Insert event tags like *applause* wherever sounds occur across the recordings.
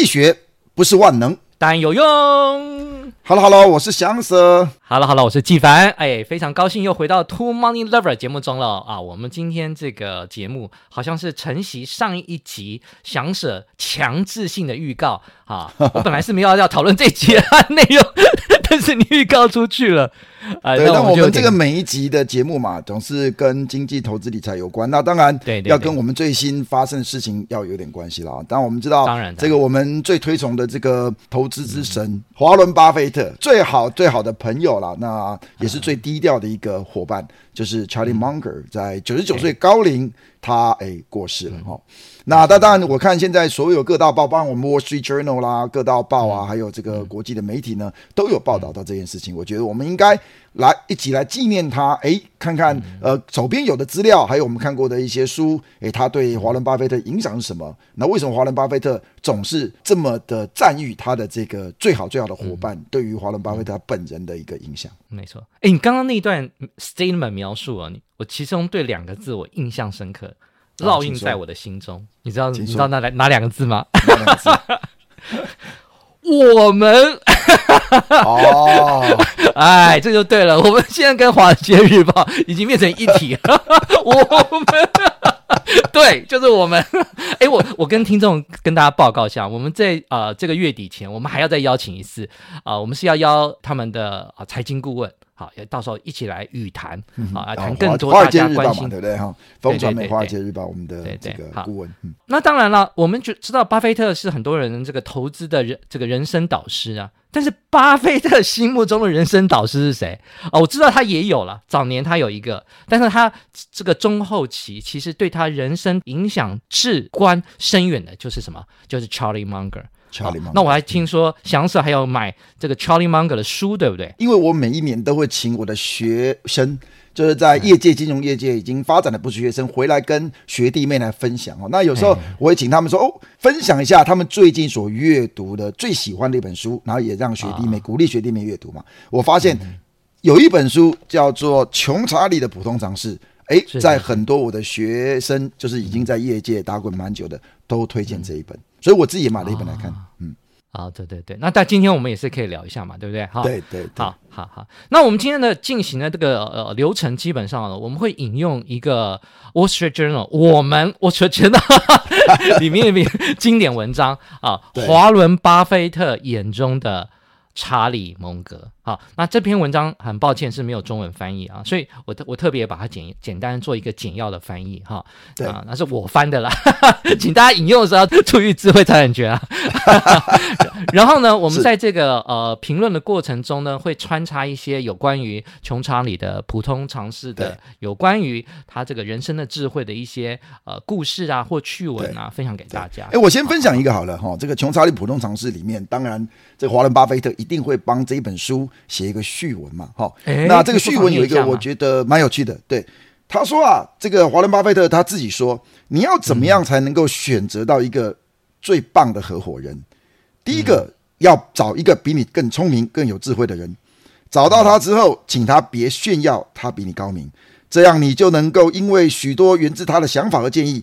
醫學不是萬能，但有用。好了好了，我是翔 sir。好了好了，我是紀凡。哎，非常高興又回到《Two Money Lovers》節目中了啊！我們今天這個節目好像是承襲上一集翔 sir 強制性的預告啊。我本來是沒有要討論這集的內容， *laughs* 但是你預告出去了。 *laughs* 對，那我們這個每一集的節目嘛，總是跟經濟、投資、理財有關。那當然，要跟我們最新發生的事情要有點關係啦。當然我們知道，當然，這個我們最推崇的這個投資之神——華倫巴菲特，最好最好的朋友了，那也是最低調的一個夥伴，啊、就是 Charlie Munger，在九十九歲高齡，哎他哎過世了哈。那當然，我看現在所有各大報，包括我們《Wall Street Journal》啦，各大報啊，還有這個國際的媒體呢，都有報道到這件事情。我覺得我們應該。來，一起來紀念他。哎，看看，呃，手邊有的資料，還有我們看過的一些書。哎，他對華倫巴菲特影響是什麼？那為什麼華倫巴菲特總是這麼的讚譽他的這個最好最好的夥伴？嗯、對於華倫巴菲特本人的一個影響？沒錯。哎，你剛剛那一段 statement 描述啊，你我其中對兩個字我印象深刻，烙印在我的心中。啊、你知道請說你知道那哪哪兩個字嗎？哪兩個字 *laughs* 我們哈哈哦，哎，這就對了。我們現在跟《華爾街日報》已經變成一體，哈哈 *laughs* *laughs* 我們。哈哈 *laughs* 對，就是我們。哎、欸，我我跟聽眾跟大家報告一下，我們在呃這個月底前，我們還要再邀請一次啊、呃，我們是要邀他們的啊財經顧問，好，到時候一起來語談啊，談更多大家關心，嗯啊、對不對？哈，華爾街日報我們的這個顧問。那當然了，我們就知道巴菲特是很多人這個投資的人這個人生導師啊。但是巴菲特心目中的人生導師是誰？哦，我知道他也有了，早年他有一個，但是他這個中後期其實對他人生影響至關深遠的就是什麼？就是 Char、er、Charlie Munger、哦。Charlie Munger、嗯。那我還聽說翔子還要買這個 Charlie Munger 的書，對不對？因為我每一年都會請我的學生，就是在業界、金融業界已經發展的不是學生回來跟學弟妹來分享哦。那有時候我會請他們說哦，分享一下他們最近所閱讀的最喜歡的一本書，然後也讓學弟妹鼓勵學弟妹閱讀嘛。我發現有一本書叫做《窮查理的普通常識》，誒、欸，在很多我的學生就是已經在業界打滾蠻久的都推薦這一本，所以我自己也買了一本來看，嗯。啊、哦，對對對，那但今天我們也是可以聊一下嘛，對不對？哈，對，對對，好好好，那我們今天的進行的這個呃流程，基本上呢，我們會引用一個 Journal, 對《Wall Street Journal》，我們《Wall Street Journal》哈哈 *laughs* 裡面一篇經典文章 *laughs* 啊，對華倫巴菲特眼中的查理蒙格。好，那這篇文章很抱歉是沒有中文翻譯啊，所以我特我特別把它簡簡單做一個簡要的翻譯哈、啊，對啊、呃，那是我翻的啦， *laughs* 請大家引用的時候要注意智慧財產權啊。 *laughs* *laughs* *laughs* 然後呢，我們在這個是呃評論的過程中呢，會穿插一些有關於窮查理的普通常識的，對有關於他這個人生的智慧的一些呃故事啊或趣聞啊，對分享給大家。哎，我先分享一個好了哈，好哦、這個窮查理普通常識裡面，當然這個、華倫巴菲特一定會幫這一本書。寫一個序文嘛，哈、哦，那這個序文有一個我覺得蠻有趣的，對，他說啊，這個華倫巴菲特他自己說，你要怎麼樣才能夠選擇到一個最棒的合夥人？嗯、第一個要找一個比你更聰明、更有智慧的人，找到他之後，請他別炫耀他比你高明，這樣你就能夠因為許多源自他的想法和建議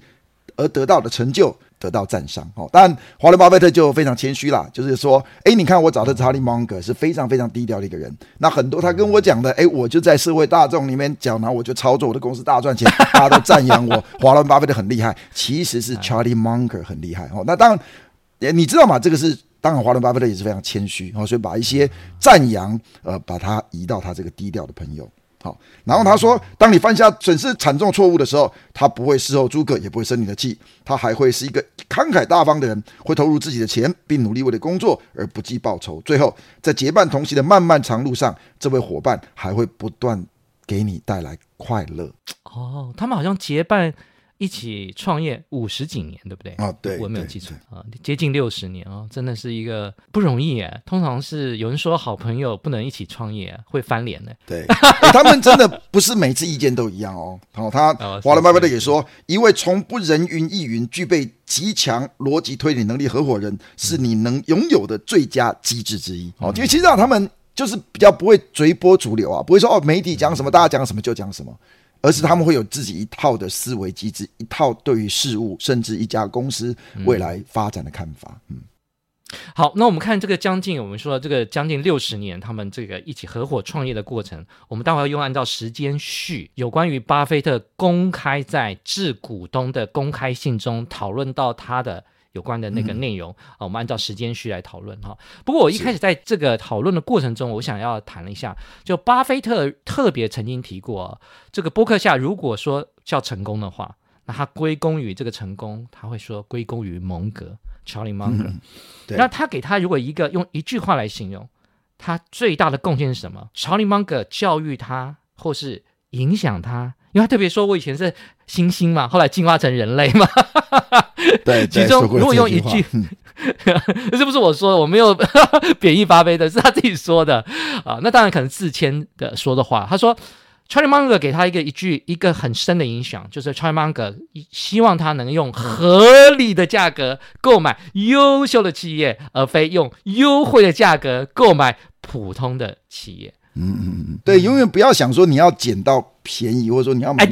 而得到的成就。得到讚賞哦，當然，華倫巴菲特就非常謙虛啦，就是說，誒、欸，你看我找的查理芒格是非常非常低調的一個人。那很多他跟我講的，誒、欸，我就在社會大眾裡面講，然後我就操作我的公司大賺錢，大家都讚揚我。華倫 *laughs* 巴菲特很厲害，其實是查理芒格很厲害哦。那當然，你知道嗎？這個是當然，華倫巴菲特也是非常謙虛哦，所以把一些讚揚，呃，把他移到他這個低調的朋友。好，然後他說，當你犯下損失慘重錯誤的時候，他不會事後諸葛，也不會生你的氣，他還會是一個慷慨大方的人，會投入自己的錢，並努力為了工作而不計報酬。最後，在結伴同行的漫漫長路上，這位夥伴還會不斷給你帶來快樂。哦，他們好像結伴。一起創業五十幾年，對不對？啊、哦，對，對對，我沒有記錯啊、哦，接近六十年啊、哦，真的是一個不容易耶。通常是有人說好朋友不能一起創業，會翻臉的。對，他們真的不是每次意見都一樣哦。然後、 *laughs* 哦、他 Warren Buffett 也說，哦、一位從不人云亦云、具備極強邏輯推理能力合夥的人，是你能擁有的最佳機制之一。好、嗯，因為、哦、其實上他們就是比較不會隨波逐流啊，不會說哦，媒體講什麼，大家講什麼就講什麼。而是他們會有自己一套的思維機制，嗯、一套對於事物甚至一家公司未來發展的看法。嗯，好，那我們看這個將近，我們說這個將近六十年，他們這個一起合夥創業的過程。我們待會兒用按照時間序，有關於巴菲特公開在致股東的公開信中討論到他的。有關的那個內容啊、嗯哦，我們按照時間序來討論哈、哦。不過我一開始在這個討論的過程中，是我想要談一下，就巴菲特特別曾經提過、哦，這個波克夏如果說叫成功的話，那他歸功於這個成功，他會說歸功於蒙格，查理蒙格。Er 嗯、那他給他如果一個用一句話來形容，他最大的貢獻是什麼？查理蒙格教育他或是影響他。你還特別說，我以前是猩猩嘛，後來進化成人類嘛？ *laughs* 對，對其中說這如果用一句，是、嗯、不是我說的，我沒有貶義發揮的，是他自己說的啊？那當然可能自謙的說的話。他說 Charlie Munger 給他一個一句一個很深的影響，就是 Charlie Munger 希望他能用合理的價格購買優秀的企業，嗯、而非用優惠的價格購買普通的企業。嗯嗯嗯，對，嗯、永遠不要想說你要撿到。便宜，或者說你要買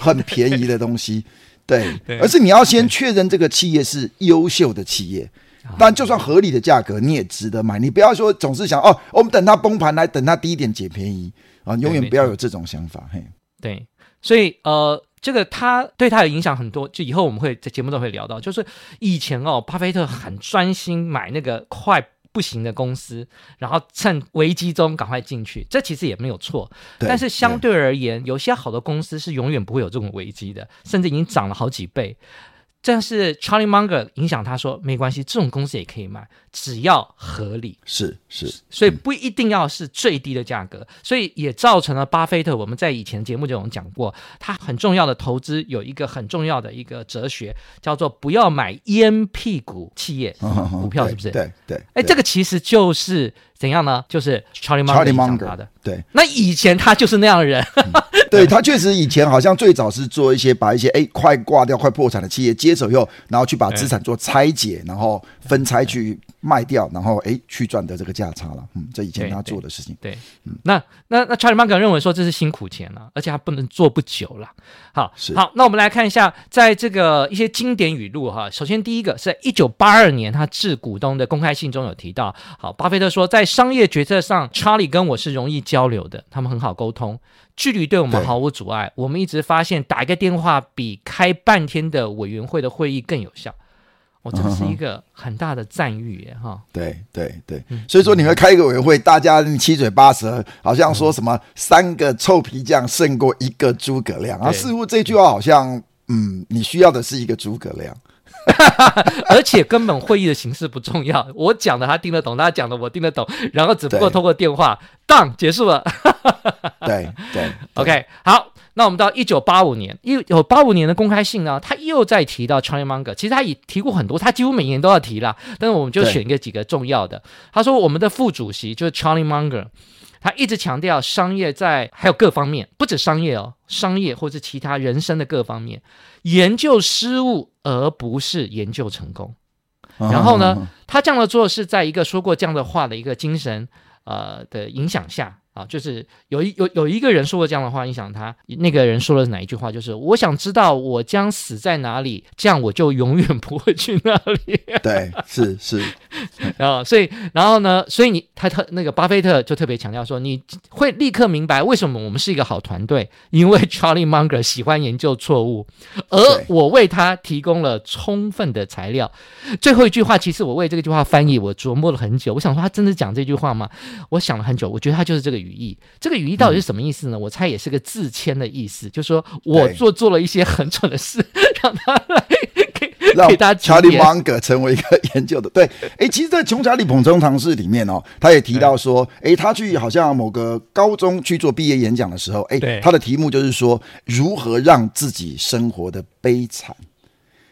很便宜的東西，對，而是你要先確認這個企業是優秀的企業，哦、但就算合理的價格你也值得買，你不要說總是想哦，我們等它崩盤來，等它低一點撿便宜啊、哦，永遠不要有這種想法。嘿，對，所以呃，這個它對它的影響很多，就以後我們會在節目中會聊到，就是以前哦，巴菲特很專心買那個快。不行的公司，然後趁危機中趕快進去，這其實也沒有錯。對但是相對而言，對有些好的公司是永遠不會有這種危機的，甚至已經漲了好幾倍。但是 Charlie Munger 影響他說，沒關係，這種公司也可以買。只要合理，是是，是所以不一定要是最低的價格，嗯、所以也造成了巴菲特。我們在以前節目就有講過，他很重要的投資有一個很重要的一個哲學，叫做不要買煙屁股企業、嗯、股票，是不是？對對，對對哎，這個其實就是怎樣呢？就是 Charlie Munger 的，對。那以前他就是那樣的人，嗯、對 *laughs* 他確實以前好像最早是做一些把一些哎快掛掉、快破產的企業接手以後，然後去把資產做拆解，嗯、然後分拆去。賣掉，然後誒去賺的這個價差了。嗯，這以前他做的事情。對，對，對，嗯，那那那查理芒格認為說，這是辛苦錢了，而且他不能做不久了。好，是好。那我們來看一下，在這個一些經典語錄哈。首先第一個是在1982年他致股東的公開信中有提到。好，巴菲特說，在商業決策上，查理跟我是容易交流的，他們很好溝通，距離對我們毫無阻礙。對我們一直發現，打一個電話比開半天的委員會的會議更有效。這個是一個很大的讚譽，哈、嗯哼哦。對對對，所以說你們開一個委員會，嗯、大家七嘴八舌，好像說什麼“三個臭皮匠勝過一個諸葛亮”，啊對，然後似乎這句話好像，嗯，你需要的是一個諸葛亮，而且根本會議的形式不重要， *laughs* 我講的他聽得懂，他講的我聽得懂，然後只不過通過電話對當結束了。 *laughs* 對對，對，OK，好。那我們到一九八五年，一有八五年的公開信呢，他又再提到 Charlie Munger，其實他也提過很多，他幾乎每年都要提啦。但是我們就選一個幾個重要的。對他說，我們的副主席就是 Charlie Munger，他一直強調商業在還有各方面，不止商業哦，商業或者其他人生的各方面，研究失誤而不是研究成功。哦、然後呢，他這樣的做是在一個說過這樣的話的一個精神呃的影響下。啊，就是有有有一個人說過這樣的話，你想他，那個人說了哪一句話？就是我想知道我將死在哪裡，這樣我就永遠不會去那裡。 *laughs* 對，是是。啊，所以，然後呢？所以你他特那個巴菲特就特別強調說，你會立刻明白為什麼我們是一個好團隊，因為 Charlie Munger 喜歡研究錯誤，而我為他提供了充分的材料。對最後一句話，其實我為這個句話翻譯，我琢磨了很久。我想說，他真的講這句話嗎？我想了很久，我覺得他就是這個語義。這個語義到底是什麼意思呢？嗯、我猜也是個自謙的意思，就是說我做做了一些很蠢的事，對讓他來。 *laughs* 讓查理芒格成為一個研究的對，哎，其實，在《窮查理的普通常識》裡面哦、喔，他也提到說，哎，他去好像某個高中去做畢業演講的時候，哎，他的題目就是說如何讓自己生活的悲慘。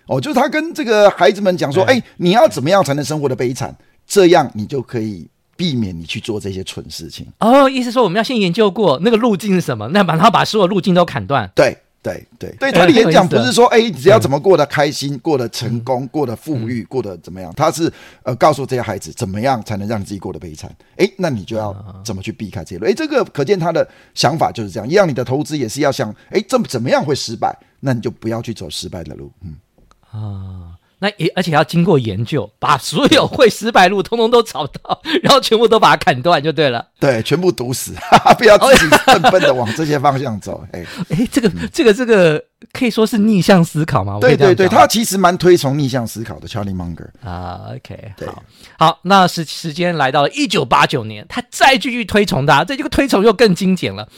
哦，就是他跟這個孩子們講說，哎，你要怎麼樣才能生活的悲慘？這樣你就可以避免你去做這些蠢事情。哦，意思說我們要先研究過那個路徑是什麼，那然後把所有路徑都砍斷。對。對對對，他的演講不是說，哎、欸，你只要怎麼過得開心、嗯、過得成功、過得富裕、嗯、過得怎麼樣，他是呃告訴這些孩子，怎麼樣才能讓自己過得悲慘？哎、欸，那你就要怎麼去避開這些？路？哎、嗯欸，這個可見他的想法就是這樣。一樣，你的投資也是要想，哎、欸，怎麼怎麼樣會失敗？那你就不要去走失敗的路。嗯啊。嗯那也而且要經過研究，把所有會失敗路通通都找到， *laughs* 然後全部都把它砍斷就對了。對，全部堵死，哈哈不要自己笨笨的往這些方向走。哎誒這個這個這個。嗯這個這個可以說是逆向思考嗎？嗎對對對，他其實蠻推崇逆向思考的，Charlie Munger 啊、uh, okay, 對。OK，好好，那時時間來到了一九八九年，他再繼續推崇的、啊，這這個推崇又更精簡了。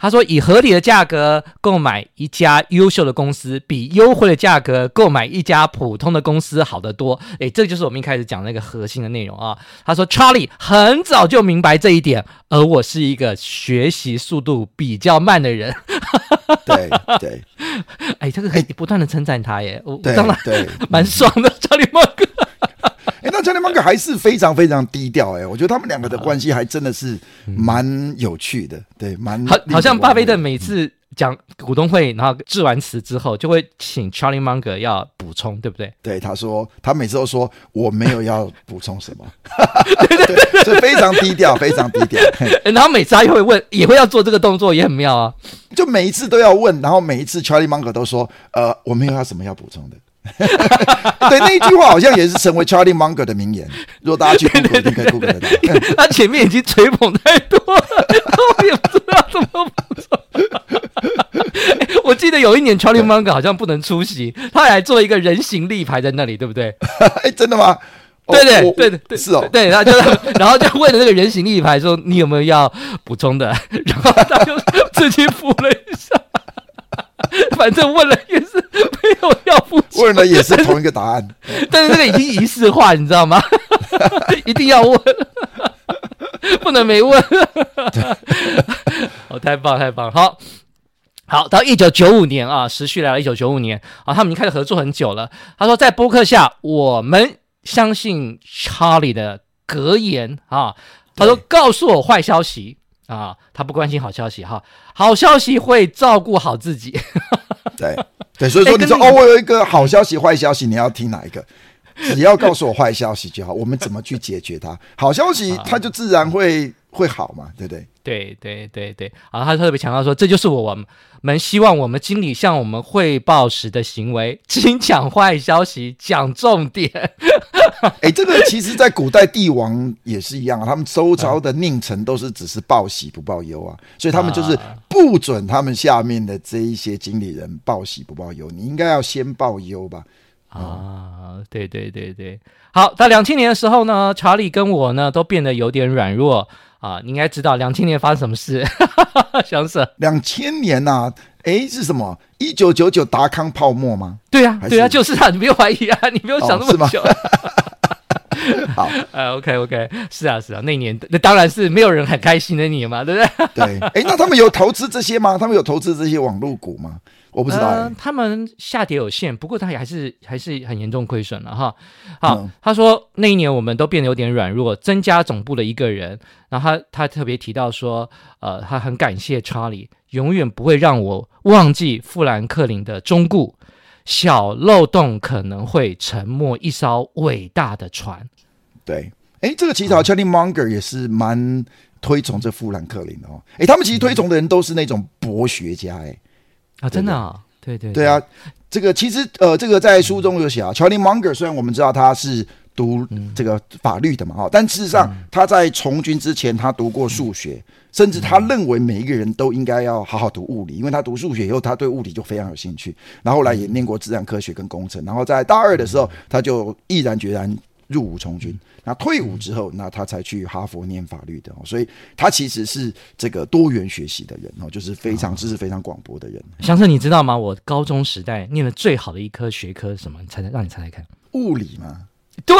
他說：“以合理的價格購買一家優秀的公司，比優惠的價格購買一家普通的公司好得多。”哎，這就是我們一開始講那個核心的內容啊。他說：“Charlie 很早就明白這一點，而我是一個學習速度比較慢的人。”對對對。 *laughs* 哎、欸，這個哎，可以不斷的稱讚他耶，欸、我當然對，蠻爽的。嗯、Charlie Munger，哎、 *laughs* 欸，那 Charlie Munger 還是非常非常低調哎，我覺得他們兩個的關係還真的是蠻有趣的，好對，蠻好。好像巴菲特每次講股東會，然後致完詞之後，就會請 Charlie Munger 要補充，對不對？對，他說他每次都說我沒有要補充什麼。非常低調，非常低調、欸。然後每次他也會問，也會要做這個動作，也很妙啊。就每一次都要問，然後每一次 Charlie Munger 都說：“呃，我沒有要什麼要補充的。” *laughs* *laughs* 對，那一句話好像也是成為 Charlie Munger 的名言。如果大家去 Google，一定可以 Google 到。 *laughs* 他前面已經吹捧太多了，我也不知道怎麼補充、 *laughs* 欸。我記得有一年 Charlie Munger 好像不能出席，對他還來做一個人形立牌在那裡，對不對？哎、欸，真的嗎？對對對對是哦，對就然後就問了那個人形立牌說，你有沒有要補充的？然後他就自己補了一下，反正問了也是沒有要補，問了也是同一個答案，但是這個已經儀式化，你知道嗎？一定要問，不能沒問。哦，太棒太棒，好，好到一九九五年啊，持續來了，一九九五年啊，他們已經開始合作很久了。他說在播客下我們。相信查理的格言啊，他說：“告訴我壞消息啊，他不關心好消息哈、啊，好消息會照顧好自己。 *laughs* 對”對對，所以說你說、欸、哦，我有一個好消息、壞消息，你要聽哪一個？只要告訴我壞消息就好， *laughs* 我們怎麼去解決它？好消息，它就自然會。會好嘛？對不對？對對對對，好、啊，他特別強調說，這就是我們，們希望我們經理向我們匯報時的行為：請講壞消息， *laughs* 講重點。哎， *laughs* 這個其實，在古代帝王也是一樣，他們周朝的佞臣都是只是報喜不報憂啊，啊所以他們就是不准他們下面的這一些經理人報喜不報憂。你應該要先報憂吧？嗯、啊，對對對對，好，到兩千年的時候呢，查理跟我呢都變得有點軟弱。啊，你應該知道兩千年發生什麼事， *laughs* 想死、啊！兩千年吶、啊，哎、欸，是什麼？一九九九達康泡沫嗎？對呀、啊，對呀、啊，是就是啊，你沒有懷疑啊，你沒有想那麼久。哦、 *laughs* 好，哎、欸、，OK，OK，、okay, okay, 是啊，是啊，那年那當然是沒有人很開心的年嘛，對不對？對，哎、欸，那他們有投資這些嗎？ *laughs* 他們有投資這些網路股嗎？我不知道、欸呃，他們下跌有限，不過他也還是還是很嚴重虧損了、啊、哈。好、嗯，他說那一年我們都變得有點軟弱，增加總部的一個人，然後他他特別提到說，呃，他很感謝查理，永遠不會讓我忘記富蘭克林的忠告。小漏洞可能會沉沒一艘偉大的船。對，誒，這個其實、嗯、Charlie Munger 也是蠻推崇這富蘭克林的哦。誒，他們其實推崇的人都是那種博學家誒。啊、哦，真的啊、哦，對對對，對，對啊，這個其實呃，這個在書中有寫啊，嗯、查理蒙格雖然我們知道他是讀這個法律的嘛，哈、嗯，但事實上他在從軍之前，他讀過數學，嗯、甚至他認為每一個人都應該要好好讀物理，嗯、因為他讀數學以後，他對物理就非常有興趣，然後來也念過自然科學跟工程，然後在大二的時候，他就毅然決然。入伍從軍，那退伍之後，那他才去哈佛念法律的。所以他其實是這個多元學習的人哦，就是非常知識非常廣博的人。翔 sir，你知道嗎？我高中時代念的最好的一科學科是什麼？你猜猜，讓你猜猜看，物理嗎？對。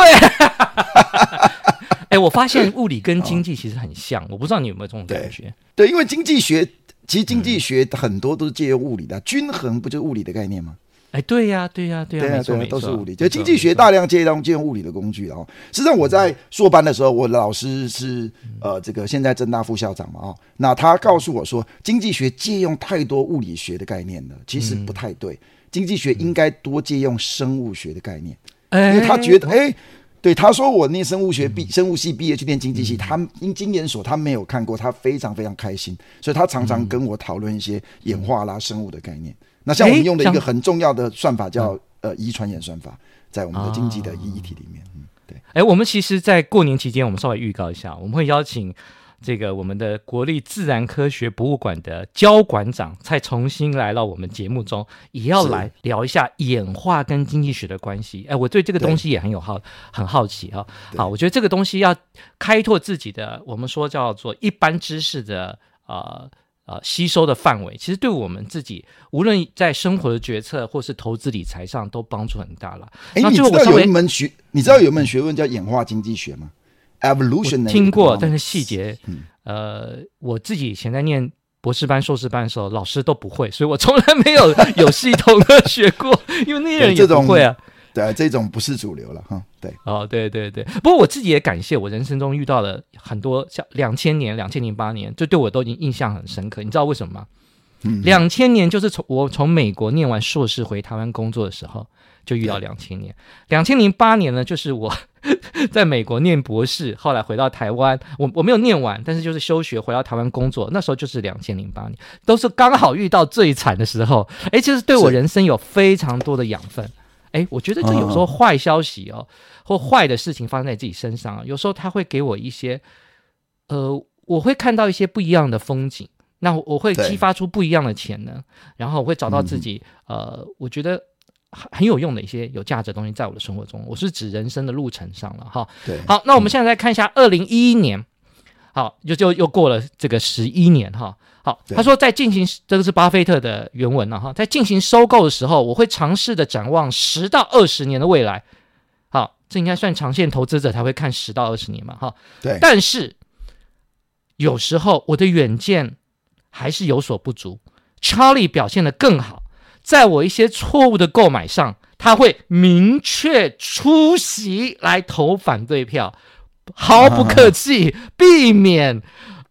哎、 *laughs* 欸，我發現物理跟經濟其實很像，我不知道你有沒有這種感覺？對，對，因為經濟學其實經濟學很多都是借用物理的，嗯、均衡不就物理的概念嗎？哎，對呀，對呀，對呀，對呀。都是物理。就經濟學大量借用借用物理的工具哦，實際上我在碩班的時候，我老師是呃這個現在政大副校長嘛啊，那他告訴我說，經濟學借用太多物理學的概念了，其實不太對。經濟學應該多借用生物學的概念，因為他覺得，哎，對，他說我念生物學畢，生物系畢業去念經濟系，他因經研所他沒有看過，他非常非常開心，所以他常常跟我討論一些演化啦、生物的概念。那像我們用的一個很重要的算法，叫、欸、呃遺傳演算法，在我們的經濟的議題裡面，啊、嗯，對。哎、欸，我們其實在過年期間，我們稍微預告一下，我們會邀請這個我們的國立自然科學博物館的焦館長再重新來到我們節目中，也要來聊一下演化跟經濟學的關係。哎、欸，我對這個東西也很有好對很好奇啊、哦。好，對我覺得這個東西要開拓自己的，我們說叫做一般知識的啊。呃呃，吸收的範圍其實對我們自己，無論在生活的決策或是投資理財上，都幫助很大了。誒，誒你知道有一門學，你知道有一門學問叫演化經濟學嗎？Evolution、嗯、聽過，但是細節，嗯、呃，我自己以前在念博士班、碩士班的時候，老師都不會，所以我從來沒有有系統的學過， *laughs* 因為那些人也不會啊。對啊，這種不是主流了哈。對，哦，對對對，不過我自己也感謝，我人生中遇到了很多像兩千年、兩千零八年，就對我都已經印象很深刻。你知道為什麼嗎？嗯哼，兩千年就是從我從美國念完碩士回台灣工作的時候，就遇到兩千年。兩千零八年呢，就是我在美國念博士，後來回到台灣，我我沒有念完，但是就是休學回到台灣工作，那時候就是兩千零八年，都是剛好遇到最慘的時候。哎，其實對我人生有非常多的養分。哎，我覺得這有時候壞消息哦，啊、或壞的事情發生在自己身上啊，有時候他會給我一些，呃，我會看到一些不一樣的風景，那我會激發出不一樣的潛能，對然後我會找到自己，嗯、哼呃，我覺得很有用的一些有價值的東西，在我的生活中，我是指人生的路程上了哈。對好，那我們現在再看一下二零一一年，好，就就又過了這個十一年哈。好，他說在進行對這個是巴菲特的原文了、啊、哈，在進行收購的時候，我會嘗試的展望十到二十年的未來。好，這應該算長線投資者才會看十到二十年嘛哈。對，但是有時候我的遠見還是有所不足。查理表現得更好，在我一些錯誤的購買上，他會明確出席來投反對票，毫不客氣，啊、避免。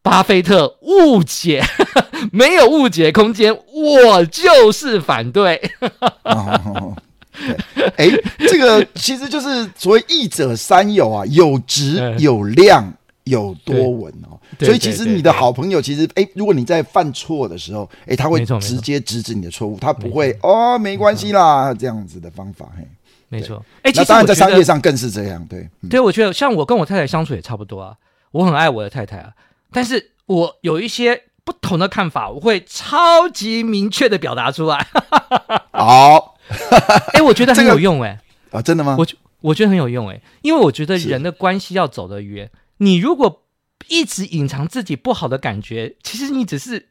巴菲特誤解，沒有誤解空間，我就是反對、哦。哎，這個其實就是所謂“益者三友啊，友直、友諒、友多聞哦。所以其實你的好朋友，其實誒，如果你在犯錯的時候，誒，他會直接指指你的錯誤，他不會哦，沒關係啦，嗯、這樣子的方法。嘿，沒錯。哎對，其實當然在商業上更是這樣。對，對，我覺得像我跟我太太相處也差不多啊，我很愛我的太太啊。但是我有一些不同的看法，我會超級明確的表達出來。好，哎，我覺得很有用、欸，哎、這個，啊，真的嗎？我我覺得很有用、欸，哎，因為我覺得人的關係要走得遠，是你如果一直隱藏自己不好的感覺，其實你只是，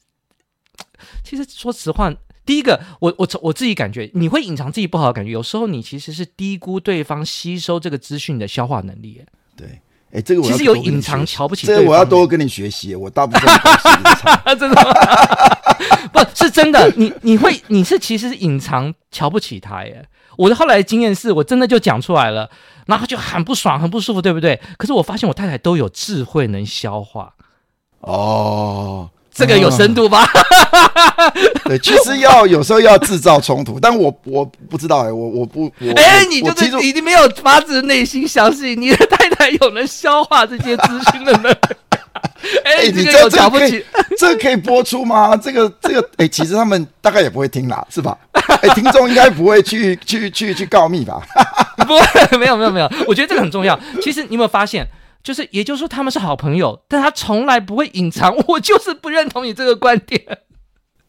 其實說實話，第一個，我我我自己感覺，你會隱藏自己不好的感覺，有時候你其實是低估對方吸收這個資訊的消化能力、欸。對。哎，這個我其實有隱藏瞧不起。這個我要多跟你學習，我大部分都學的 *laughs* 真的嗎 *laughs* 不是真的，你你會你是其實是隱藏瞧不起他耶。我的後來的經驗是我真的就講出來了，然後就很不爽很不舒服，對不對？可是我發現我太太都有智慧能消化。哦，嗯，這個有深度吧？ *laughs* 對，其實要有時候要製造衝突，但我我不知道哎，我我不我哎，你就是已經沒有發自內心相信你的太太。還有人消化這些資訊的呢？哎 *laughs* 欸，欸、你這瞧不起、個這個、可以 *laughs* 這個可以播出嗎？這個這個，哎、欸，其實他們大概也不會聽啦，是吧？哎、欸，聽眾應該不會去 *laughs* 去去去告密吧？ *laughs* 不，沒有沒有沒有，我覺得這個很重要。其實你有沒有發現，就是也就是說他們是好朋友，但他從來不會隱藏。我就是不認同你這個觀點。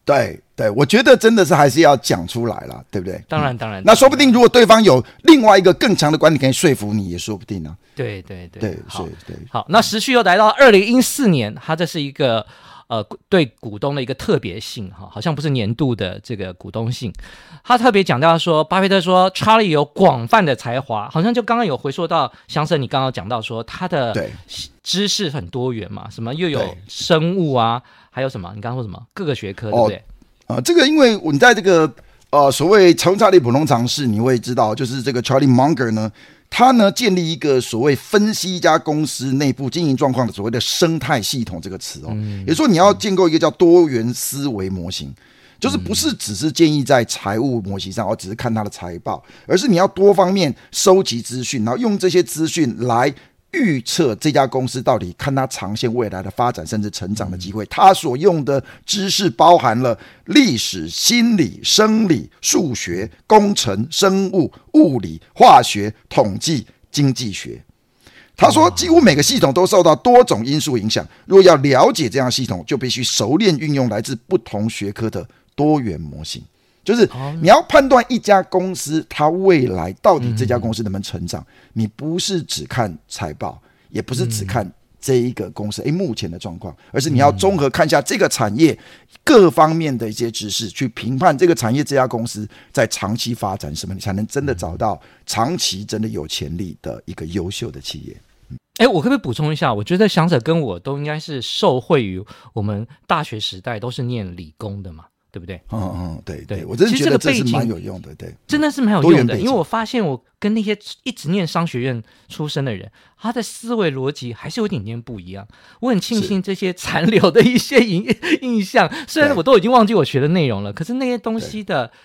對對，我覺得真的是還是要講出來啦，對不對？當然當然。那說不定如果對方有另外一個更強的觀點，可以說服你也說不定呢、啊。對對對。對，對對。好，那時序又來到二零一四年，它這是一個。呃，對股東的一個特別性哈，好像不是年度的這個股東性，他特別講到說，巴菲特說查理有廣泛的才華，好像就剛剛有回溯到翔神，你剛剛講到說他的知識很多元嘛，什麼又有生物啊，對還有什麼？你剛剛說什麼？各個學科對，對不對？啊、哦呃，這個因為你在這個呃所謂窮查理普通常識，你會知道，就是這個查理芒格呢。他呢，建立一個所謂分析一家公司內部經營狀況的所謂的生態系統，這個詞哦，也說你要建構一個叫多元思維模型，就是不是只是建議在財務模型上，而只是看它的財報，而是你要多方面收集資訊，然後用這些資訊來。預測這家公司到底看它長線未來的發展，甚至成長的機會，他所用的知識包含了歷史、心理、生理、數學、工程、生物、物理、化學、統計、經濟學。他說，幾乎每個系統都受到多種因素影響。若要了解這樣系統，就必須熟練運用來自不同學科的多元模型。就是你要判斷一家公司它未來到底這家公司能不能成長，嗯、你不是只看財報，也不是只看這一個公司、嗯、誒，目前的狀況，而是你要綜合看一下這個產業各方面的一些知識，嗯、去評判這個產業這家公司在長期發展什麼，你才能真的找到長期真的有潛力的一個優秀的企業。誒，我可不可以補充一下？我覺得翔者跟我都應該是受惠於我們大學時代都是念理工的嘛。對不對？嗯嗯，對對，我其實我真的覺得這個背景是蠻有用的，對，真的是蠻有用的，因為我發現我跟那些一直念商學院出身的人，他的思維邏輯還是有點點不一樣。我很慶幸這些殘留的一些影印象，是 *laughs* 雖然我都已經忘記我學的內容了，對可是那些東西的對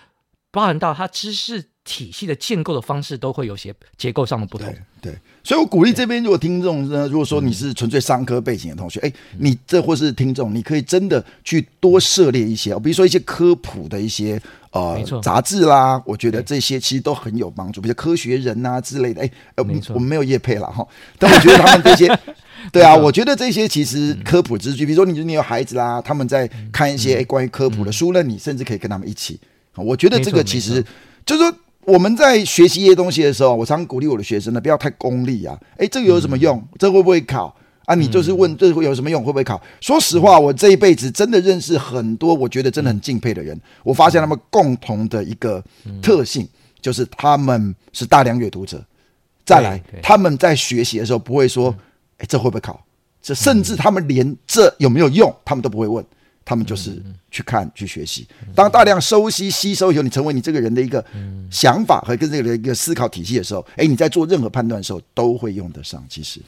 包含到他知識。體系的建構的方式都會有些結構上的不同。對，所以我鼓勵這邊如果聽眾呢，如果說你是純粹商科背景的同學，哎，你這或是聽眾，你可以真的去多涉獵一些，比如說一些科普的一些呃雜誌啦，我覺得這些其實都很有幫助，比如科學人啊之類的。哎，呃，我們沒有業配啦哈，但我覺得他們這些，對啊，我覺得這些其實科普之舉，比如說你你有孩子啦，他們在看一些關於科普的書呢，你甚至可以跟他們一起。啊，我覺得這個其實就是說。我們在學習一些東西的時候，我常鼓勵我的學生呢，不要太功利啊！哎，這個有什麼用？這會不會考？啊，你就是問這個有什麼用？會不會考？說實話，我這一輩子真的認識很多我覺得真的很敬佩的人。我發現他們共同的一個特性，就是他們是大量閱讀者。再來，他們在學習的時候不會說，哎，這會不會考？這甚至他們連這有沒有用，他們都不會問。他們就是去看，嗯嗯，去學習。當大量收吸、吸收以後，你成為你這個人的一個想法和跟這個人的一個思考體系的時候，哎、嗯嗯，你在做任何判斷的時候都會用得上。其實，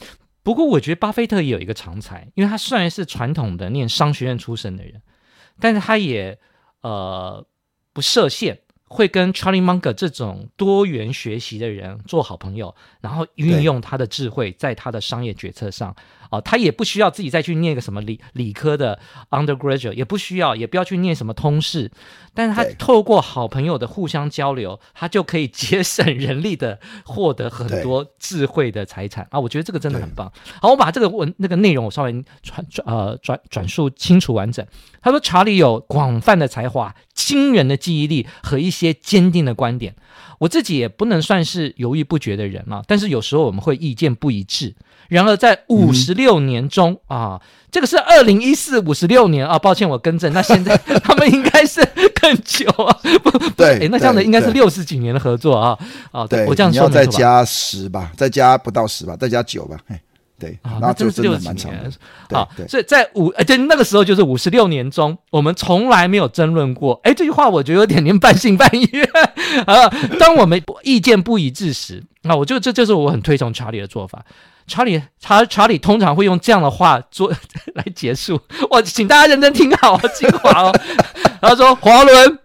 不過我覺得巴菲特也有一個長才，因為他雖然是傳統的念商學院出身的人，但是他也呃不設限。會跟 Charlie Munger 這種多元學習的人做好朋友，然後運用他的智慧在他的商業決策上啊對、呃，他也不需要自己再去念個什麼理理科的 Undergraduate，也不需要，也不要去念什麼通識。但是他透過好朋友的互相交流，對他就可以節省人力的獲得很多智慧的財產對啊，我覺得這個真的很棒。對好，我把這個文那個內容我稍微轉轉呃轉轉述清楚完整。他說，查理有廣泛的才華。驚人的記憶力和一些堅定的觀點，我自己也不能算是猶豫不決的人啊。但是有時候我們會意見不一致。然而在五十六年中，嗯、啊，這個是二零一四五十六年啊，抱歉我更正。那現在他們應該是更久啊。 *laughs* 不對、欸，那這樣的應該是六十幾年的合作啊。對啊，我這樣說。你要再加十吧，再加不到十吧，再加九吧。對啊，哦、那就是就是蠻長的啊。所以在五哎對，呃、那個時候就是五十六年中，我們從來沒有爭論過。哎、欸，這句話我覺得有點，點半信半疑 *laughs* *laughs* 啊。當我們意見不一致時，那、啊、我就這就，就，就是我很推崇查理的做法。查理查查理通常會用這樣的話做 *laughs* 來結束。我請大家認真聽好精華哦。哦 *laughs* 然後說華倫，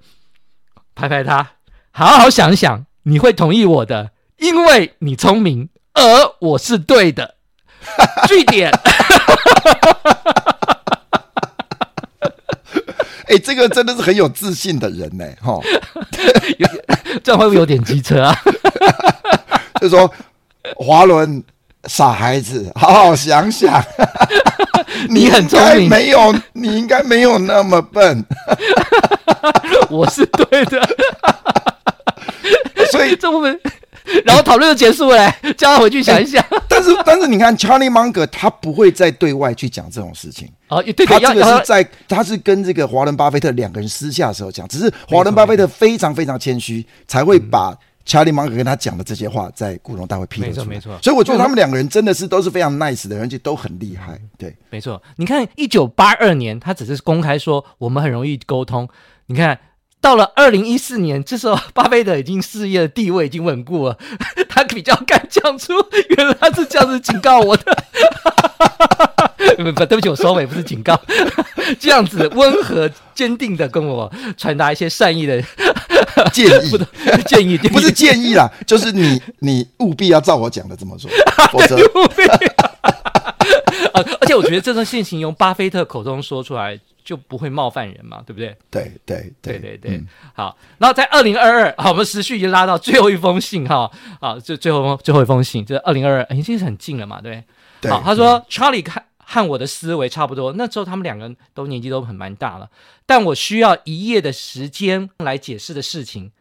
拍拍他，好好想想，你會同意我的，因為你聰明，而我是對的。據句點，哎、 *laughs* 欸，這個真的是很有自信的人呢。、欸，這樣會不會有點機車啊？就說華倫，傻孩子，好好想想，你很聰明，沒有，你應該沒有那麼笨，我是對的，所以中文。然後討論就結束了，嗯、叫他回去想一想、欸。但是但是，你看查理蒙格他不會再對外去講這種事情。哦，對對，他這個是在要他是跟這個華倫巴菲特兩個人私下的時候講，只是華倫巴菲特非常非常謙虛，錯才會把查理蒙格跟他講的這些話在股東大會披露出來。沒錯沒錯，沒錯，所以我覺得他們兩個人真的是都是非常 nice 的人，而且都很厲害。對，沒錯。你看一九八二年，他只是公開說我們很容易溝通。你看。到了二零一四年，這時候巴菲特已經事業的地位已經穩固了，他比較敢講出，原來他是這樣子警告我的， *laughs* *laughs* 不，不，對不起，我收回，不是警告， *laughs* 這樣子溫和堅定的跟我傳達一些善意的 *laughs* 建議，不是建議，建議，不是建議啦， *laughs* 就是你你務必要照我講的這麼做，否則， *laughs* 而且我覺得這段事情用巴菲特口中說出來就不會冒犯人嘛，對不對？對對對，對對對，嗯、好。然後在二零二二我們時序已經拉到最後一封信哈，啊、哦，就最後最後一封信，是二零二二已經是很近了嘛，對，不對。對，好，他說 Charlie 看和我的思維差不多，對那時候他們兩個人都年紀都很蠻大了，但我需要一夜的時間來解釋的事情，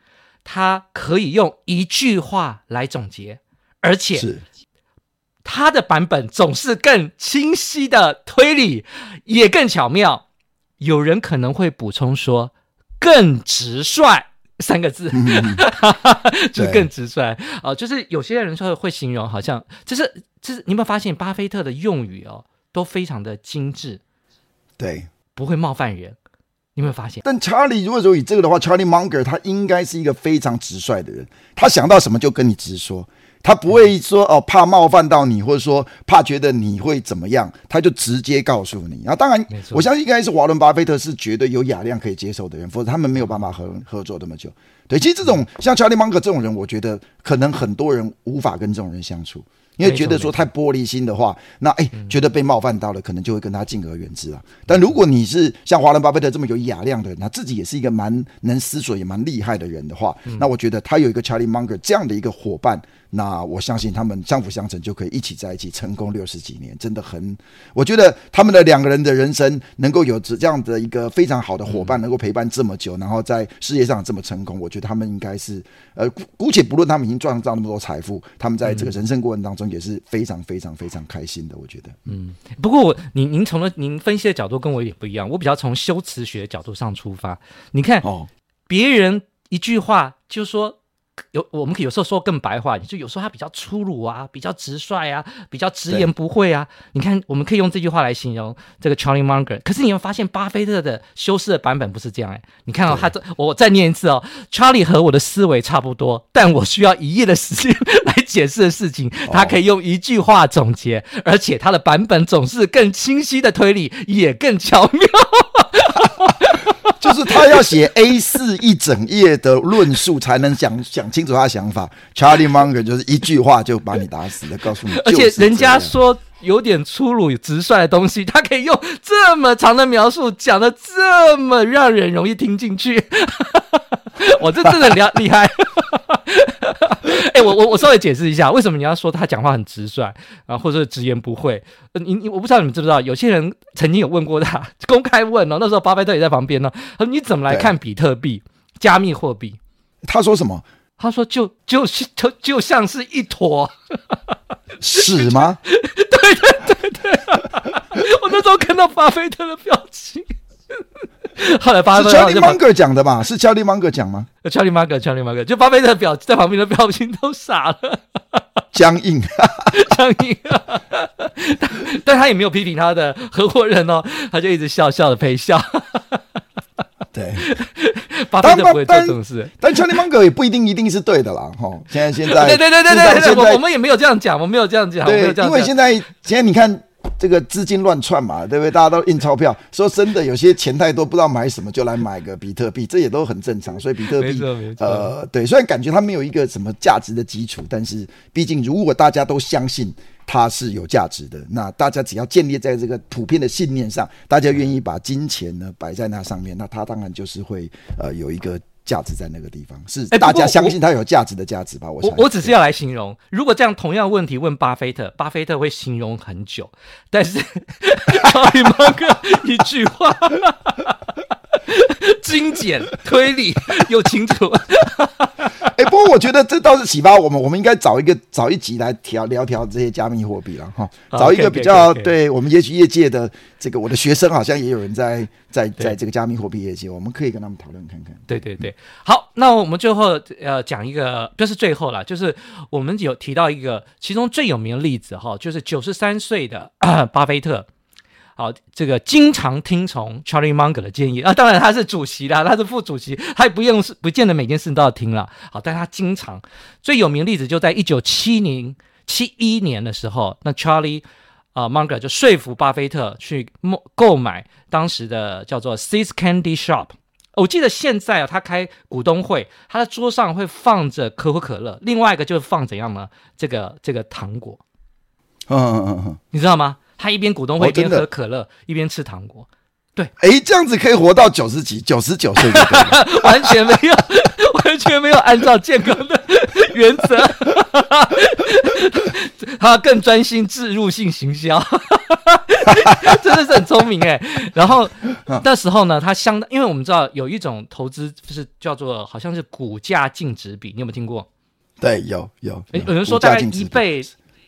他可以用一句話來總結，而且他是的版本總是更清晰的推理，也更巧妙。有人可能會補充說，“更直率”三個字，嗯、 *laughs* 就更直率啊對、呃！就是有些人說會形容，好像就是就是，你有沒有發現巴菲特的用語哦，都非常的精致，對，不會冒犯人，你有沒有發現？但查理如果說以這個的話，查理蒙格他應該是一個非常直率的人，他想到什麼就跟你直說。他不會說哦，怕冒犯到你，或者說怕覺得你會怎麼樣，他就直接告訴你。啊，當然，沒錯，我相信應該是華倫·巴菲特是絕對有雅量可以接受的人，否則他們沒有辦法合合作這麼久。對，其實這種像 Charlie Munger 這種人，我覺得可能很多人無法跟這種人相處，因為覺得說太玻璃心的話，沒錯，那誒，欸嗯、覺得被冒犯到了，可能就會跟他敬而遠之啊。但如果你是像華倫·巴菲特這麼有雅量的人，他自己也是一個蠻能思索、也蠻厲害的人的話，那我覺得他有一個 Charlie Munger 這樣的一個夥伴。那我相信他們，相輔相成，就可以一起在一起成功六十幾年，真的很。我覺得他們的兩個人的人生能夠有這樣的一個非常好的夥伴，能夠陪伴這麼久，然後在世界上這麼成功，我覺得他們應該是呃，姑姑且不論他們已經賺到那麼多財富，他們在這個人生過程當中也是非常非常非常開心的。我覺得，嗯，不過我您您從的您分析的角度跟我也不一樣，我比較從修辭學角度上出發。你看，哦，別人一句話就是說。有，我們可以有時候說更白話，就有時候他比較粗魯啊，比較直率啊，比較直言不諱啊。對你看，我們可以用這句話來形容這個 Charlie Munger。可是你會發現，巴菲特的修飾的版本不是這樣誒、欸。你看哦，對他這我再念一次哦，Charlie 和我的思維差不多，但我需要一夜的時間來解釋的事情，他可以用一句話總結，哦。而且他的版本總是更清晰的推理，也更巧妙。 *laughs* 就是他要寫 A 四一整頁的論述才能講清楚他的想法，Charlie Munger 就是一句話就把你打死了，告訴你。而且人家說有點粗魯直率的東西，他可以用這麼長的描述講得這麼讓人容易聽進去，我 *laughs* 這真的很厲害。 *laughs* *laughs* 欸、我我我稍微解釋一下，為什麼你要說他講話很直率，啊，或者直言不諱、呃，你你我不知道你們知不知道，有些人曾經有問過他，公開問哦，那時候巴菲特也在旁邊呢。他說：“你怎麼來看比特幣，對加密貨幣？”他說什麼？他說就就是就就像是一坨屎 *laughs* 嗎？ *laughs* 對對對對、啊，我那時候看到巴菲特的表情。後來，是 Charlie Munger 講的嘛，是 Charlie Munger 講嗎？Charlie Munger，Charlie Munger，就巴菲特表在旁邊的表情都傻了，僵硬， *laughs* 僵硬。 *laughs* 但，但他也沒有批評他的合夥人哦，他就一直笑笑的陪笑。對，巴菲特不會做這種事。但，但，但 Charlie Munger 也不一定一定是對的啦，哈。現在現在，對對對對對對，對，我們也沒有這樣講，我們沒有這樣講，沒有這樣講。因為現在現在你看。這個資金亂竄嘛，對不對？大家都印鈔票，說真的，有些錢太多，不知道買什麼，就來買個比特幣，這也都很正常。所以比特幣，呃，對，雖然感覺它沒有一個什麼價值的基礎，但是畢竟如果大家都相信它是有價值的，那大家只要建立在這個普遍的信念上，大家願意把金錢呢擺在那上面，那它當然就是會呃有一個。價值在那個地方是，大家相信它有價值的價值吧。欸、我想，我只是要來形容，對如果這樣同樣的問題問巴菲特，巴菲特會形容很久，但是查 *laughs* 理蒙格 *laughs* 一句話。 *laughs* *laughs* *laughs* 精簡推理又清楚 *laughs* 哎，不過我覺得這倒是啟發我們，我們應該找一個找一集來聊聊聊這些加密貨幣了哈，找一個比較 okay, okay, okay. 對，我們也許業界的這個我的學生好像也有人在在在這個加密貨幣業界，對我們可以跟他們討論看看。對對對，好，那我們最後呃講一個，就是最後了，就是我們有提到一個其中最有名的例子哈，就是九十三歲的巴菲特。好，這個經常聽從 Charlie Munger 的建議啊，當然他是主席啦，他是副主席，他也不用是不見得每件事情都要聽了。好，但他經常最有名的例子就在一九七零七一年的時候，那 Charlie 啊、呃、Munger 就說服巴菲特去購購買當時的叫做 See's Candy Shop。我記得現在啊、哦，他開股東會，他的桌上會放着可口可樂，另外一個就是放怎樣呢？這個這個糖果，嗯嗯嗯嗯，你知道嗎？他一邊股東會一邊喝可樂，oh, 一邊吃糖果，對，哎，這樣子可以活到九十幾、九十九歲， *laughs* 完全沒有， *laughs* 完全沒有按照健康的原則， *laughs* 他更專心置入性行銷， *laughs* 真的是很聰明哎。然後、嗯、那時候呢，他相當，因為我們知道有一種投資，就是叫做好像是股價淨值比，你有沒有聽過？對，有有，有人、欸、說大概一倍。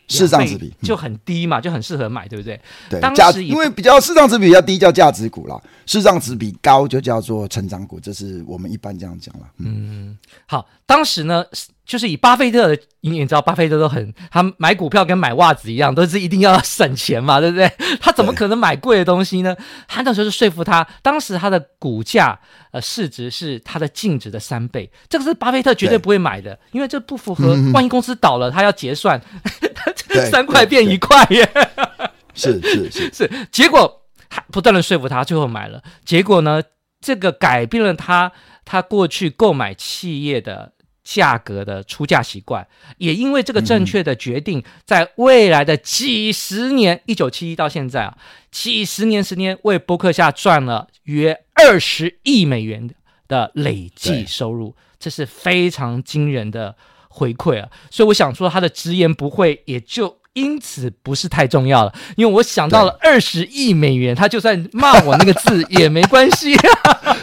市賬值比就很低嘛，就很適合買，對不對？對，價值時因為比較市賬值比較低叫價值股啦。市賬值比高就叫做成長股，這是我們一般這樣講啦。嗯，好，當時呢，就是以巴菲特的，你，你知道巴菲特都很他買股票跟買襪子一樣，都是一定要省錢嘛，對不對？他怎麼可能買貴的東西呢？對他那時候是說服他，當時他的股價呃市值是他的淨值的三倍，這個是巴菲特絕對不會買的，對因為這不符合，萬一公司倒了他要結算。嗯哼 *laughs* 三塊變一塊 *laughs* 是是是是，結果還不斷的說服他，最後買了。結果呢，這個改變了他他過去購買企業的價格的出價習慣，也因為這個正確的決定，嗯、在未來的幾十年，一九七一到現在啊，幾十年時間為伯克夏賺了約二十億美元的累計收入，對這是非常驚人的。回饋啊，所以我想說，他的直言不諱也就因此不是太重要了，因為我想到了二十億美元，對他就算罵我那個字也沒關係。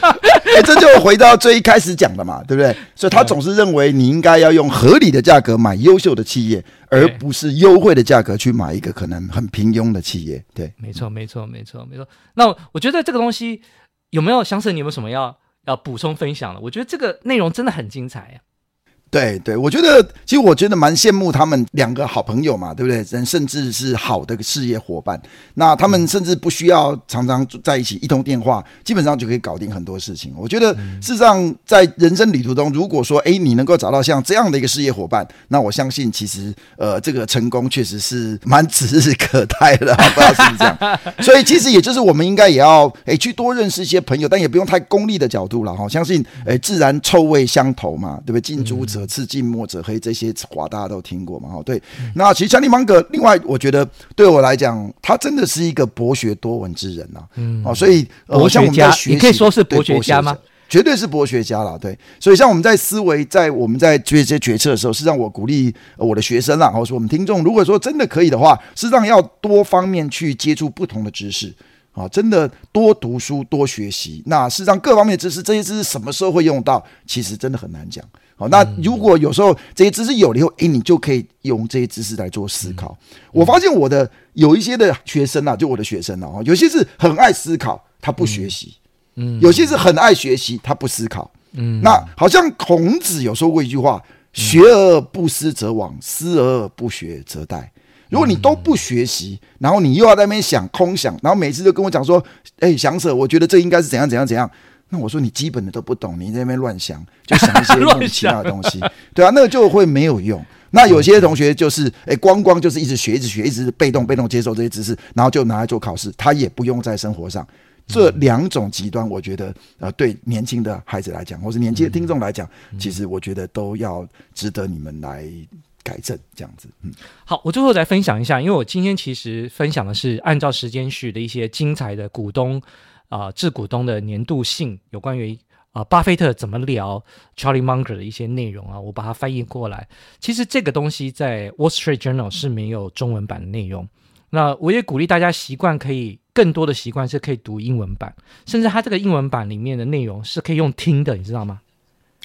*laughs* *laughs* 欸、這就回到最一開始講的嘛，對不對？所以，他總是認為你應該要用合理的價格買優秀的企業，嗯、而不是優惠的價格去買一個可能很平庸的企業。對，沒錯，沒錯，沒錯，沒錯。那我覺得這個東西有沒有，翔 Sir，你有，沒有什麼要要補充分享的？我覺得這個內容真的很精彩呀、啊。對對，我覺得其實我覺得蠻羨慕他們兩個好朋友嘛，對不對？人甚至是好的事業夥伴，那他們甚至不需要常常在一起，一通電話基本上就可以搞定很多事情。我覺得事實上在人生旅途中，如果說哎你能夠找到像這樣的一個事業夥伴，那我相信其實呃這個成功確實是蠻指日可待了，不知道是不是這樣？ *laughs* 所以其實也就是我們應該也要哎去多認識一些朋友，但也不用太功利的角度了哈、哦。相信哎自然臭味相投嘛，對不對？近朱者者赤，近墨者黑，這些話大家都聽過嘛？哦，對。嗯、那其實像查理蒙格。另外我覺得對我來講，他真的是一個博學多聞之人吶、啊。嗯，哦，所以學、呃、像我們家，你可以說是博學家嗎學？絕對是博學家啦。對，所以像我們在思維，在我們在做這些決策的時候，是讓我鼓勵我的學生啦，或者說我們聽眾，如果說真的可以的話，事實上要多方面去接觸不同的知識啊、哦，真的多讀書多學習。那事實上，各方面的知識，這些知識什麼時候會用到？其實真的很難講。好、哦，那如果有時候這些知識有了以後，哎、欸，你就可以用這些知識來做思考。嗯、我發現我的有一些的學生啊，就我的學生哦、啊，有些是很愛思考，他不學習、嗯，嗯；有些是很愛學習，他不思考，嗯。那好像孔子有說過一句話：“嗯、學而不思則罔，思而不學則殆。”如果你都不學習，然後你又要在那邊想空想，然後每次都跟我講說：“哎、欸，想舍。我覺得這應該是怎樣怎樣怎樣。”那我說你基本的都不懂，你在那邊亂想，就想一些莫名其妙的東西，對啊，那個就會沒有用。那有些同學就是，哎、欸，光光就是一直學，一直學，一直被動被動接受這些知識，然後就拿來做考試，他也不用在生活上。這兩種極端，我覺得，呃，對年輕的孩子來講，或是年輕的聽眾來講，其實我覺得都要值得你們來改正這樣子。嗯，好，我最後來分享一下，因為我今天其實分享的是按照時間序的一些精彩的股東。啊，致股東的年度信有關於啊，呃，巴菲特怎麼聊 Charlie Munger 的一些內容啊，我把它翻譯過來。其實這個東西在 Wall Street Journal 是沒有中文版的內容。那我也鼓勵大家習慣，可以更多的習慣是可以讀英文版，甚至它這個英文版裡面的內容是可以用聽的，你知道嗎？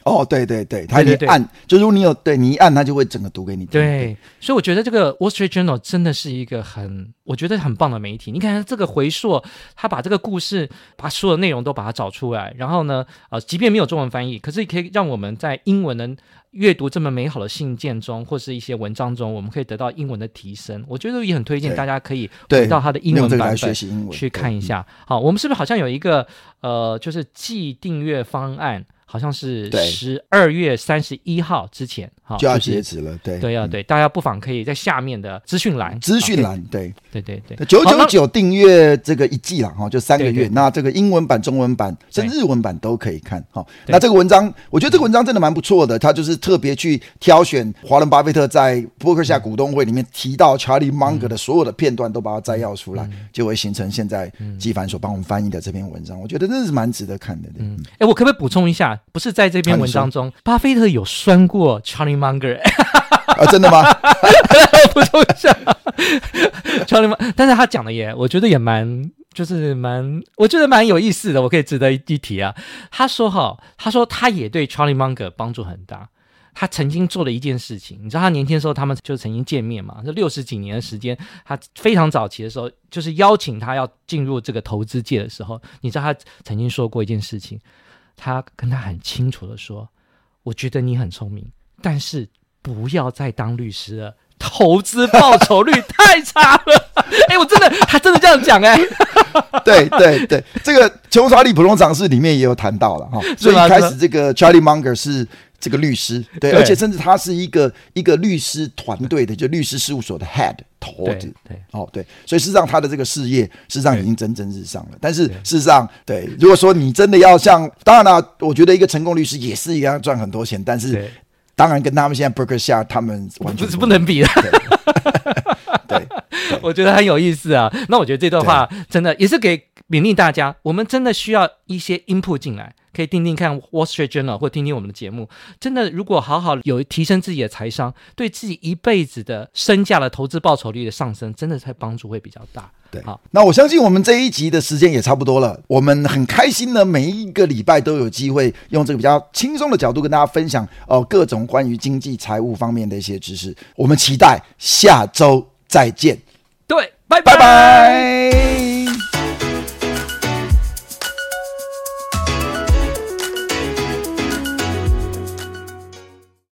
哦，對對對，他一按，對對對，就如果你有對，你一按，他就會整個讀給你聽。對，對，所以我覺得這個 Wall Street Journal 真的是一個很，我覺得很棒的媒體。你看他這個回溯，他把這個故事，把所有的內容都把它找出來，然後呢，呃，即便沒有中文翻譯，可是可以讓我們在英文能閱讀這麼美好的信件中，或是一些文章中，我們可以得到英文的提升。我覺得也很推薦大家可以回到它的英文版本去看一下。那個嗯、好，我們是不是好像有一個呃，就是季訂閱方案？好像是十二月三十一號之前就要截止了，對對要對，大家不妨可以在下面的資訊欄資訊欄，對對對對，九九九，訂閱這個一季啦哈，就三個月，那這個英文版、中文版，甚至日文版都可以看。那這個文章，我覺得這個文章真的蠻不錯的，他就是特別去挑選華倫巴菲特在伯克夏股東會裡面提到查理芒格的所有的片段，都把它摘要出來，就會形成現在紀凡所幫我們翻譯的這篇文章。我覺得真的是蠻值得看的。嗯，哎，我可不可以補充一下？不是在這篇文章中，啊、巴菲特有酸過 Charlie Munger、啊、真的嗎？ *laughs* 不抽象。Charlie Munger，但是他講的也，我覺得也蠻，就是蠻，我覺得蠻有意思的，我可以值得一,一提啊。他說哈，他說他也對 Charlie Munger 幫助很大。他曾經做了一件事情，你知道他年輕的時候他們就曾經見面嘛？這六十幾年的時間，他非常早期的時候，就是邀請他要進入這個投資界的時候，你知道他曾經說過一件事情。他跟他很清楚的說：“我覺得你很聰明，但是不要再當律師了，投資報酬率太差了。”哎、 *laughs* 欸，我真的，他真的這樣講哎、欸 *laughs* 。對對對，這個《窮查理普通常識》裡面也有談到了哈，哦、嗎所以一開始這個 Charlie Munger 是。這個律師對，對而且甚至他是一個對一個律師團隊的，就律師事務所的 head 頭子。對，對哦，對，所以事實上他的這個事業事實上已經蒸蒸日上了。對但是事實上，對，如果說你真的要像，當然了、啊，我覺得一個成功律師也是一樣賺很多錢，但是對當然跟他們現在 Berkshire 他們完全不是不能比的對 *laughs* 。對，我覺得很有意思啊。那我覺得這段話對真的也是給勉勵大家，我們真的需要一些 input 進來。可以聽聽看《Wall Street Journal》，或聽聽我們的節目。真的，如果好好有提升自己的財商，對自己一輩子的身價的投資報酬率的上升，真的才幫助會比較大。對，好，那我相信我們這一集的時間也差不多了。我們很開心呢，每一個禮拜都有機會用這個比較輕鬆的角度跟大家分享哦、呃，各種關於經濟財務方面的一些知識。我們期待下周再見。對，拜拜。Bye bye